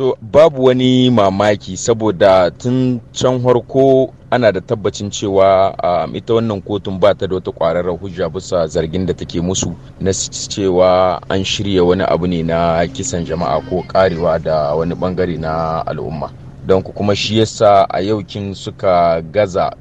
To babu wani mamaki saboda tun can harko ana da tabbacin cewa um, ita wannan kotun ba ta da wata kwararar hujja bisa zargin da take musu na cewa an shirya wani abu ne na kisan jama'a ko karewa da wani bangare na al'umma. Don kuma shi yasa a yau kin suka gaza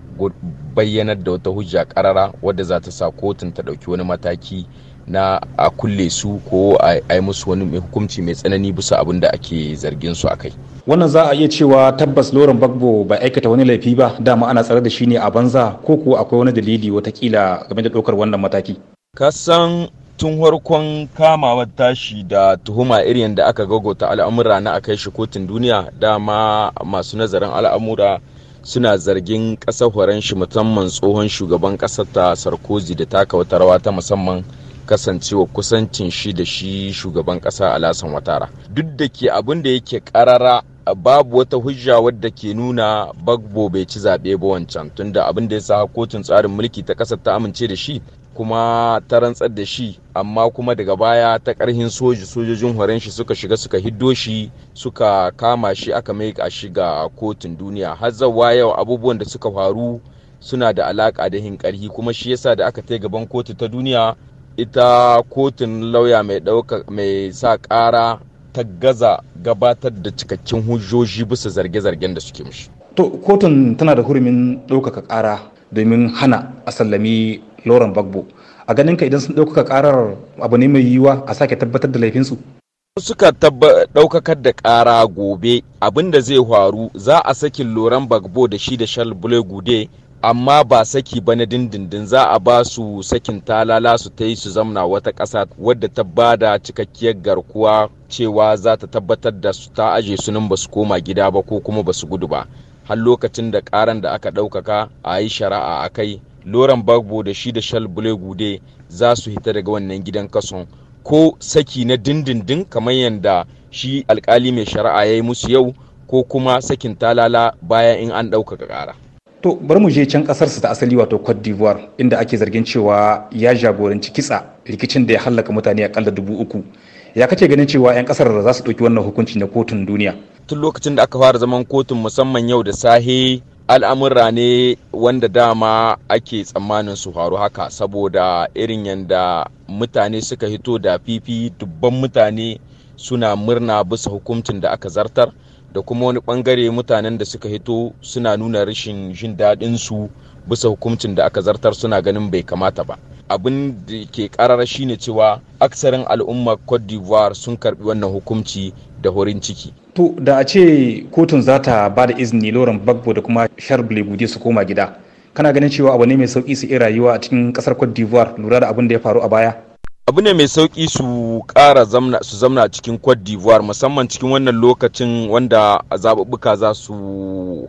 bayyanar da wata hujja karara wadda za ta sa kotun ta ɗauki wani mataki na a kulle su ko a yi musu wani hukunci mai tsanani bisa abin da ake zargin su a kai wannan za a iya cewa tabbas loren bagbo bai aikata wani laifi ba dama ana tsare da shi ne a banza ko kuwa akwai wani dalili watakila game da ɗaukar wannan mataki kasan tun farkon kamawar tashi da tuhuma irin da aka gagota al'amura na akai shi kotun duniya dama masu nazarin al'amura suna zargin kasar horon shi musamman tsohon shugaban kasar ta sarkozy da taka wata rawa ta musamman kasancewa kusancin shi da shi shugaban kasa alasan watara duk da ke abin da yake karara babu wata hujja wadda ke nuna bagbo bai ci zaɓe ba wancan tunda abin da ya sa kotun tsarin mulki ta ƙasar ta amince da shi kuma ta rantsar da shi amma kuma daga baya ta karhin soji sojojin horen shi suka shiga suka hiddo shi suka kama shi aka mai a shiga kotun duniya har zawa yau abubuwan da suka faru suna da alaƙa da hin karhi kuma shi yasa da aka tai gaban kotu ta duniya ita kotun lauya mai mai sa ƙara ta gaza gabatar da cikakken hujjoji bisa zarge-zargen da suke mishi. To kotun tana da hurumin ɗaukaka ƙara domin hana a sallami Lauren Bagbo. A ganin ka idan sun ɗaukaka ƙarar abu ne mai yiwuwa a sake tabbatar da laifinsu? suka ɗaukakar da ƙara gobe abin da zai faru za a sakin loran bagbo da shi da shal bule gude amma ba saki ba na dindindin za a ba su sakin talala su ta yi su zamna wata ƙasa wadda ta ba da cikakkiyar garkuwa cewa za ta tabbatar da su ta aje su nan ba su koma gida ba ko kuma ba su gudu ba har lokacin da ƙaran da aka ɗaukaka a yi shari'a a kai loran bagbo da shi da shal bule gude za su hita daga wannan gidan kason ko saki na dindindin kamar yadda shi alkali mai shari'a ya yi musu yau ko kuma sakin talala bayan in an ɗaukaka ƙara. to bari mu je can kasarsa ta asali wato cote d'ivoire inda ake zargin cewa ya jagoranci kitsa rikicin da ya hallaka mutane akalla dubu uku ya kace ganin cewa 'yan kasar za su ɗauki wannan hukunci na kotun duniya tun lokacin da aka fara zaman kotun musamman yau da sahi al'amura ne wanda dama ake tsammanin su faru haka saboda irin yadda mutane suka hito da fifi dubban mutane suna murna bisa hukuncin da aka zartar da kuma wani bangare mutanen da suka hito suna nuna rashin jin daɗin su bisa hukuncin da aka zartar suna ganin bai kamata ba abin da ke karara shine cewa aksarin al'ummar cote d'ivoire sun karbi wannan hukunci da horin ciki to da a ce kotun za ta ba da izini loran bagbo da kuma sharbule gude su koma gida kana ganin cewa abu ne mai sauki su iya rayuwa a cikin kasar cote d'ivoire lura da abin da ya faru a baya abu ne mai sauki su kara su zamna cikin cote d'ivoire musamman cikin wannan lokacin wanda zaɓuɓɓuka za su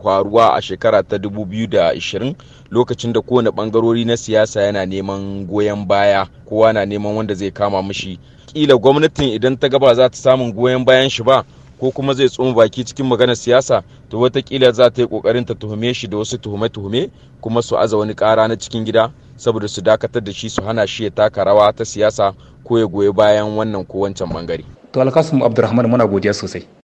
faruwa a shekara ta 2020 lokacin da kowane ɓangarori na siyasa yana neman goyon baya kowa na neman wanda zai kama mishi kila gwamnatin idan ta gaba za ta samun goyon bayan shi ba ko kuma zai tsoma baki cikin maganar siyasa to watakila za ta yi kokarin ta tuhume shi da wasu tuhume-tuhume kuma su aza wani kara na cikin gida saboda su dakatar da shi su hana shi ya taka rawa ta siyasa ko ya goyi bayan wannan ko wancan bangare. to alkasum abdulrahman muna godiya sosai.